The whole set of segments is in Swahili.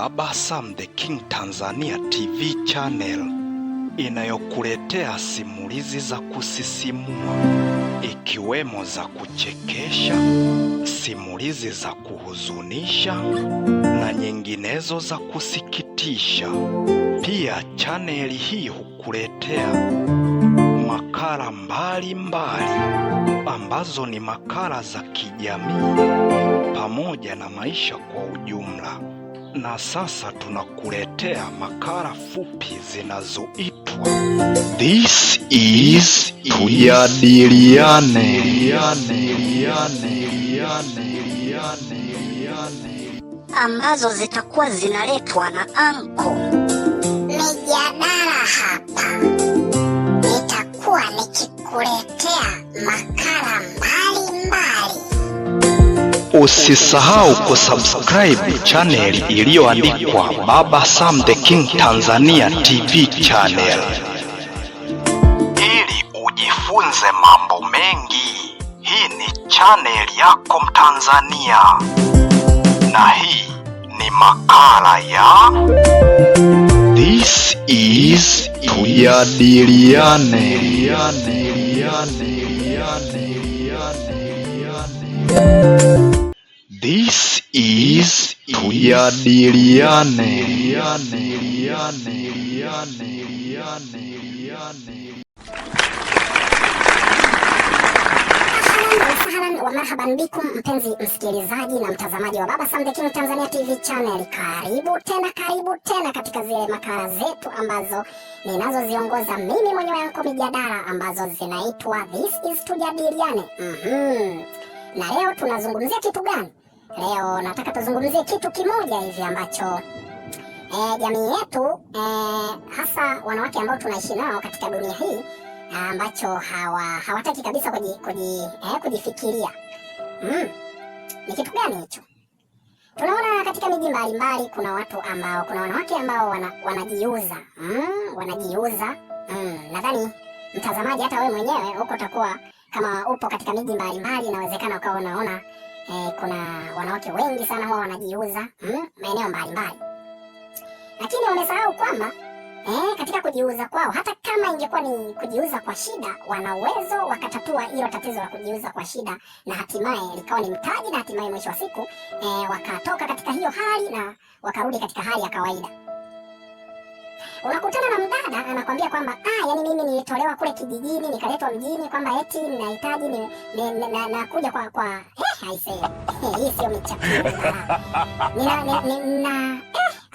Baba Sam the King Tanzania TV channel inayokuletea simulizi za kusisimua ikiwemo za kuchekesha, simulizi za kuhuzunisha na nyinginezo za kusikitisha. Pia chaneli hii hukuletea makala mbalimbali ambazo ni makala za kijamii pamoja na maisha kwa ujumla. Na sasa tunakuletea makala fupi zinazoitwa This is Tujadiliane. Ambazo zitakuwa zinaletwa na anko. Mijadala hapa nitakuwa nikikuletea makala Usisahau kusubscribe channel iliyoandikwa Baba Sam the King Tanzania TV channel ili ujifunze mambo mengi. Hii ni channel yako Mtanzania, na hii ni makala ya This is Tujadiliane. This is Tujadiliane. Marhaban bikum mpenzi msikilizaji na mtazamaji wa Baba Sam the King Tanzania TV channel. Karibu tena, karibu tena katika zile makala zetu ambazo ninazoziongoza mimi mwenyewe yanko mijadala ambazo zinaitwa This is Tujadiliane. Mhm. na leo tunazungumzia kitu gani? Leo nataka tuzungumzie kitu kimoja hivi ambacho e, jamii yetu e, hasa wanawake ambao tunaishi nao katika dunia hii ah, ambacho hawa hawataki kabisa kuji, kuji, eh, kujifikiria mm. Ni kitu gani hicho? Tunaona katika miji mbalimbali kuna watu ambao kuna wanawake ambao wana, wanajiuza mm, wanajiuza mm. Nadhani mtazamaji, hata wewe mwenyewe huko utakuwa kama upo katika miji mbalimbali, inawezekana ukawa unaona e, kuna wanawake wengi sana huwa wanajiuza mm, maeneo mbalimbali, lakini wamesahau kwamba e, katika kujiuza kwao, hata kama ingekuwa ni kujiuza kwa shida, wana uwezo wakatatua hilo tatizo la kujiuza kwa shida, na hatimaye likawa ni mtaji, na hatimaye mwisho wa siku e, wakatoka katika hiyo hali na wakarudi katika hali ya kawaida. Unakutana na mdada anakwambia kwamba ah, yani mimi nilitolewa kule kijijini nikaletwa mjini, kwamba eti ninahitaji ni, ni, ni, na, na, kuja kwa kwa eh, aisee, hii sio micha nina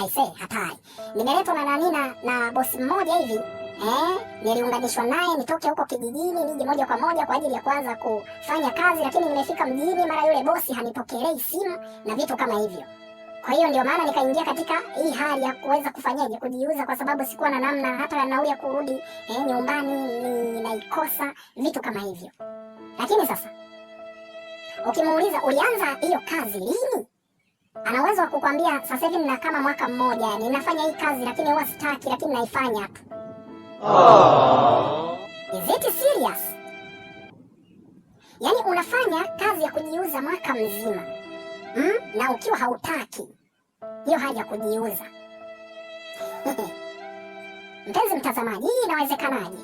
aisee, eh, hatari. Nimeletwa na nani na na bosi mmoja hivi Eh, niliunganishwa naye nitoke huko kijijini nije moja kwa moja kwa ajili ya kuanza kufanya kazi, lakini nimefika mjini, mara yule bosi hanipokelei simu na vitu kama hivyo. Kwa hiyo ndio maana nikaingia katika hii hali ya kuweza kufanyaje, kujiuza, kwa sababu sikuwa na namna, hata nauli ya kurudi eh, nyumbani ninaikosa, vitu kama hivyo. Lakini sasa Ukimuuliza ulianza hiyo kazi lini, ana uwezo wa kukwambia sasa hivi nina kama mwaka mmoja, yani ninafanya hii kazi lakini huwa sitaki, lakini naifanya tu. Oh. Is it serious? Yaani unafanya kazi ya kujiuza mwaka mzima mm? na ukiwa hautaki hiyo haja ya kujiuza. Mpenzi mtazamaji, hii inawezekanaje?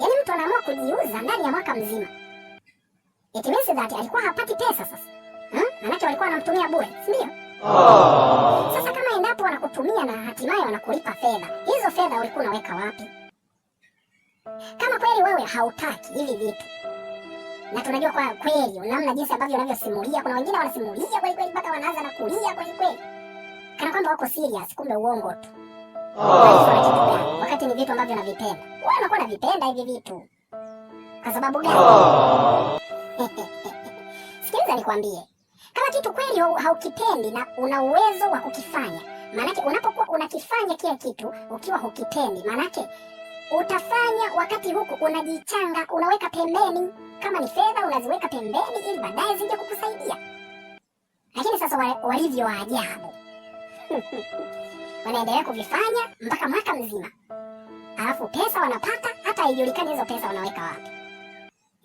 Yaani mtu anaamua kujiuza ndani ya mwaka mzima It means that alikuwa hapati pesa sasa. Hmm? Manake walikuwa wanamtumia bure, si ndio? Oh. Sasa kama endapo wanakutumia na hatimaye wanakulipa fedha, hizo fedha ulikuwa unaweka wapi? Kama kweli wewe hautaki hivi vitu na tunajua kwa kweli namna jinsi ambavyo unavyosimulia, kuna wengine wanasimulia kweli kweli mpaka wanaanza na kulia kweli kweli, kana kwamba wako serious, kumbe uongo tu. Oh. Wakati ni vitu ambavyo unavipenda wewe, unakuwa unavipenda hivi vitu kwa sababu gani? Oh. Sikiliza nikwambie, kama kitu kweli haukipendi na una uwezo wa kukifanya, maanake unapokuwa unakifanya kile kitu ukiwa hukipendi, maanake utafanya wakati huku unajichanga, unaweka pembeni. Kama ni fedha unaziweka pembeni ili baadaye zije kukusaidia. Lakini sasa walivyo wa ajabu wanaendelea kuvifanya mpaka mwaka mzima, alafu pesa wanapata hata haijulikani hizo pesa wanaweka wapi.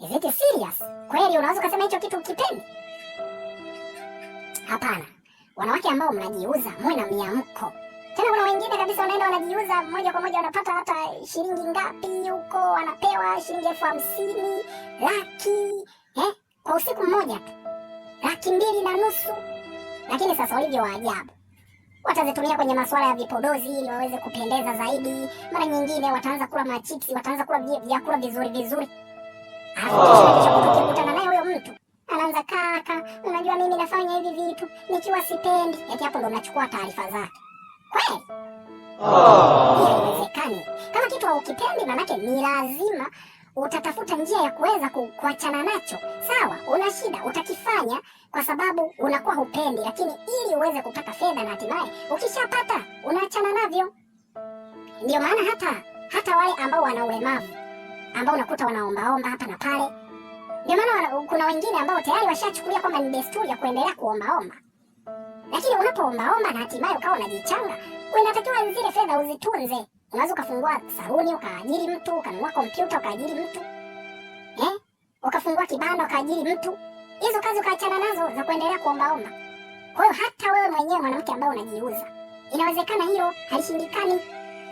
Is it serious? Kweli unaweza ukasema hicho kitu ukipendi? Hapana. Wanawake ambao mnajiuza muwe na miamko. Tena kuna wengine kabisa wanaenda wanajiuza moja kwa moja, wanapata hata shilingi ngapi huko, wanapewa shilingi elfu hamsini laki eh, kwa usiku mmoja tu, laki mbili na nusu. Lakini sasa walivyo waajabu watazitumia kwenye masuala ya vipodozi ili waweze kupendeza zaidi. Mara nyingine wataanza kula machipsi, wataanza kula vyakula vizuri vizuri alafu ukikutana naye huyo mtu anaanza kaka, unajua mimi nafanya hivi vitu nikiwa sipendi, yaani hapo ndo mnachukua taarifa zake kweli. Haiwezekani. Kama kitu haukipendi, manake ni lazima utatafuta njia ya kuweza kuachana nacho. Sawa, una shida, utakifanya kwa sababu unakuwa hupendi, lakini ili uweze kupata fedha na hatimaye ukishapata unaachana navyo. Ndio maana hata hata wale ambao wana ulemavu ambao unakuta wanaombaomba hapa na pale. Ndio maana kuna wengine ambao tayari washachukulia kwamba ni desturi ya kuendelea kuombaomba, lakini unapoombaomba na hatimaye ukawa unajichanga, unatakiwa zile fedha uzitunze. Unaweza ukafungua saluni ukaajiri mtu, ukanunua kompyuta ukaajiri mtu eh? ukafungua kibanda ukaajiri mtu, hizo kazi ukaachana nazo za kuendelea kuombaomba. Kwa hiyo hata wewe mwenyewe mwanamke ambaye unajiuza, inawezekana hilo halishindikani.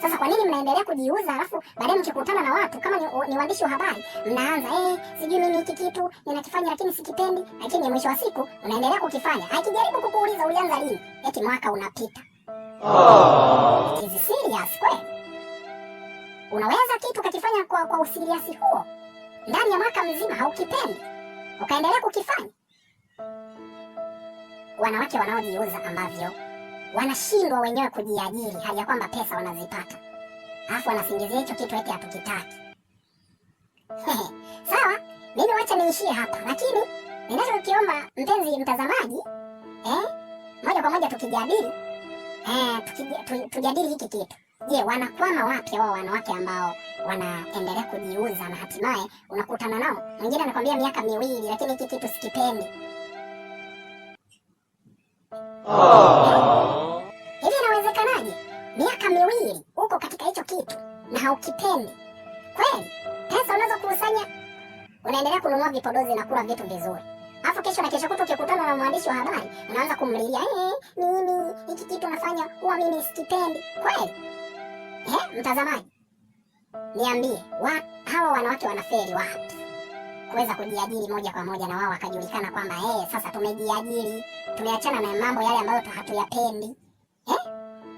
Sasa kwa nini mnaendelea kujiuza, alafu baadaye mkikutana na watu kama ni, ni waandishi wa habari mnaanza eh, sijui mimi hiki kitu ninakifanya lakini sikipendi, lakini mwisho wa siku unaendelea kukifanya. Akijaribu kukuuliza ulianza lini, eti mwaka unapita. Oh, is serious kwe? Unaweza kitu kakifanya kwa kwa usiriasi huo ndani ya mwaka mzima, haukipendi ukaendelea kukifanya. Wanawake wanaojiuza ambavyo wanashindwa wenyewe kujiajiri, hali ya kwamba pesa wanazipata, alafu wanasingizia hicho kitu eti hatukitaki. Sawa, mimi wacha niishie hapa, lakini ninachokiomba mpenzi mtazamaji, eh, moja kwa moja tukijadili eh, tujadili hiki kitu. Je, wanakwama wapi wao wanawake ambao wanaendelea kujiuza na hatimaye unakutana nao mwingine anakwambia miaka miwili, lakini hiki kitu sikipendi. Oh miaka miwili uko katika hicho kitu na haukipendi kweli, pesa unazokusanya unaendelea kununua vipodozi na kula vitu vizuri, alafu kesho na kesho kutu ukikutana na mwandishi wa habari unaanza kumlilia eh, mimi hiki kitu nafanya huwa mimi sikipendi kweli. Eh, mtazamaji, niambie wa, hawa wanawake wanafeli wapi kuweza kujiajiri moja kwa moja na wao wakajulikana kwamba eh, sasa tumejiajiri, tumeachana na mambo yale ambayo hatuyapendi.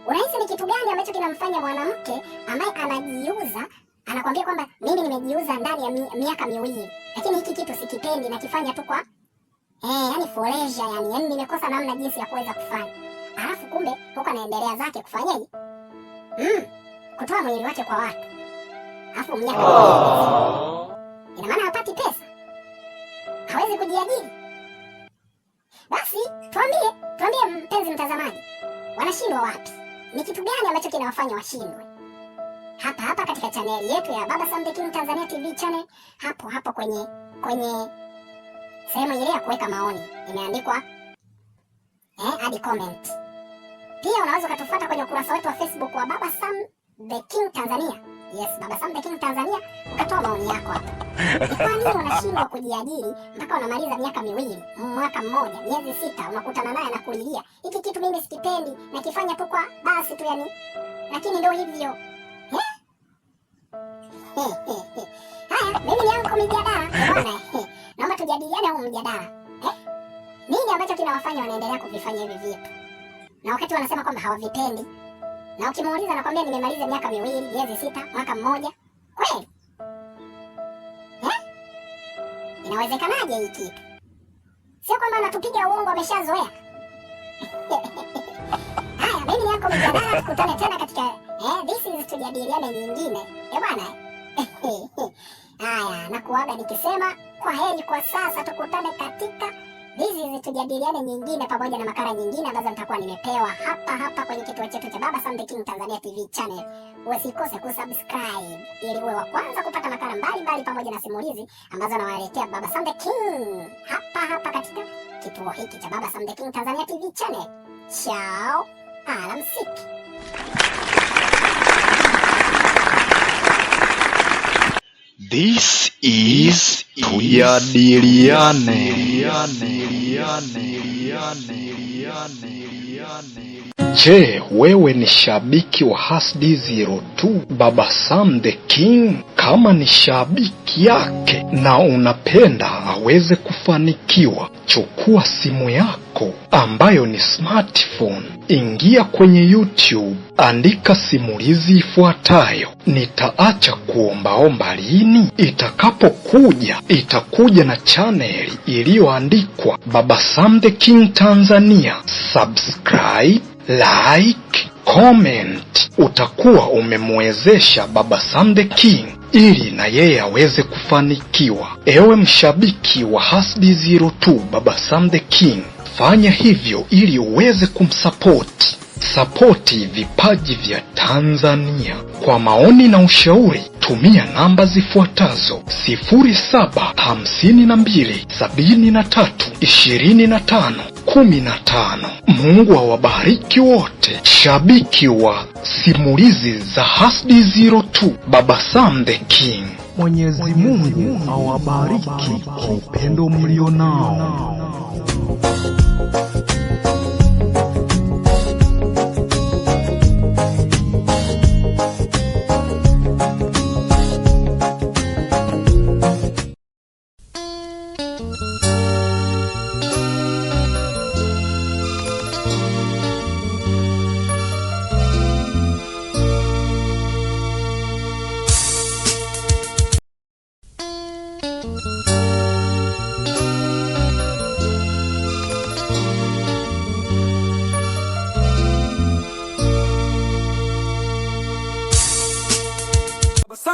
Unahisi ni kitu gani ambacho kinamfanya mwanamke ambaye anajiuza anakuambia kwamba mimi nimejiuza ndani ya mi, miaka miwili, lakini hiki kitu sikipendi, nakifanya tu kwa eh, yani foresha, yani yani nimekosa namna jinsi ya kuweza kufanya, alafu kumbe huko anaendelea zake kufanyaje, mm, kutoa mwili wake kwa watu, alafu miaka oh. Ina maana hapati pesa, hawezi kujiajiri. Basi tuambie, tuambie mpenzi mtazamaji, wanashindwa wapi? Ni kitu gani ambacho kinawafanya washindwe? Hapa hapa katika chaneli yetu ya Baba Sam The King Tanzania TV channel, hapo hapo kwenye kwenye sehemu ile ya kuweka maoni imeandikwa eh, add comment. Pia unaweza ukatufuata kwenye ukurasa wetu wa Facebook wa Baba Sam The King Tanzania Yes, Baba Sam the King Tanzania, ukatoa maoni yako hapa. Kwa nini unashindwa kujiajiri mpaka unamaliza miaka miwili, mwaka mmoja, miezi sita unakutana naye na kulilia. Hiki kitu mimi sikipendi na tu kwa basi tu yani. Lakini ndio hivyo. Haya, mimi ni yangu mijadala. Bwana, Naomba tujadiliane au mjadala. Eh? Nini ambacho kinawafanya wanaendelea kuvifanya hivi vitu? Na wakati wanasema kwamba hawavipendi, na ukimuuliza nakwambia nimemaliza miaka miwili miezi sita mwaka mmoja. Kweli eh? Inawezekanaje hii kitu? Sio kwamba anatupiga uongo, ameshazoea haya. Mimi yako mjadala, tukutane tena katika eh, this is tujadiliane nyingine eh bwana. Haya, nakuaga nikisema kwa heri kwa sasa, tukutane katika hizi zitujadiliane nyingine pamoja na makala nyingine ambazo nitakuwa nimepewa hapa hapa kwenye kituo chetu cha Baba Sam The King Tanzania TV channel. Usikose kusubscribe ili uwe wa kwanza kupata makala mbalimbali pamoja na simulizi ambazo nawaletea Baba Sam The King hapa hapa katika kituo hiki cha Baba Sam The King Tanzania TV channel. Chao, alamsiki. This is Tujadiliane. Je, wewe ni shabiki wa Hasdi 02 Baba Sam the King? kama ni shabiki yake na unapenda aweze kufanikiwa, chukua simu yako ambayo ni smartphone, ingia kwenye YouTube, andika simulizi ifuatayo, nitaacha kuombaomba lini. Itakapokuja itakuja na chaneli iliyoandikwa Baba Sam the King Tanzania. Subscribe, like, comment. Utakuwa umemwezesha Baba Sam the King ili na yeye aweze kufanikiwa. Ewe mshabiki wa Hasbi 02 Baba Sam the King, fanya hivyo ili uweze kumsapoti Sapoti vipaji vya Tanzania. Kwa maoni na ushauri tumia namba zifuatazo: 0752732515. Mungu awabariki wote. Shabiki wa simulizi za Hasdi 02, Baba Sam the King. Mwenyezi Mungu awabariki kwa upendo mlionao.